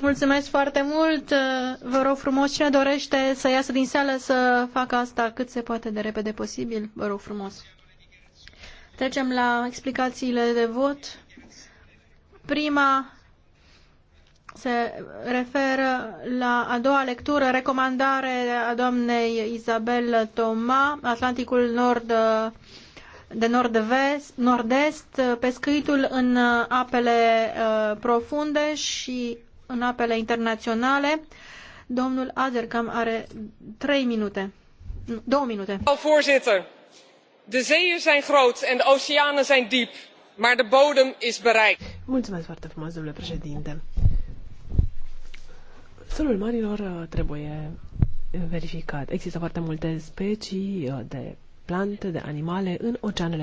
Mulțumesc foarte mult. Vă rog frumos, cine dorește să iasă din sală să facă asta cât se poate de repede posibil. Vă rog frumos. Trecem la explicațiile de vot. Prima se referă la a doua lectură, recomandare a doamnei Isabel Toma, Atlanticul Nord de nord-vest, nord-est, pescuitul în uh, apele uh, profunde și în apele internaționale. Domnul Azercam are trei minute. Două minute. Voorzitter, de zeeën zijn groot en de oceanen zijn diep, maar de bodem is bereikt. Mulțumesc foarte frumos, domnule președinte. Solul marilor uh, trebuie verificat. Există foarte multe specii de plante, de animale în oceanele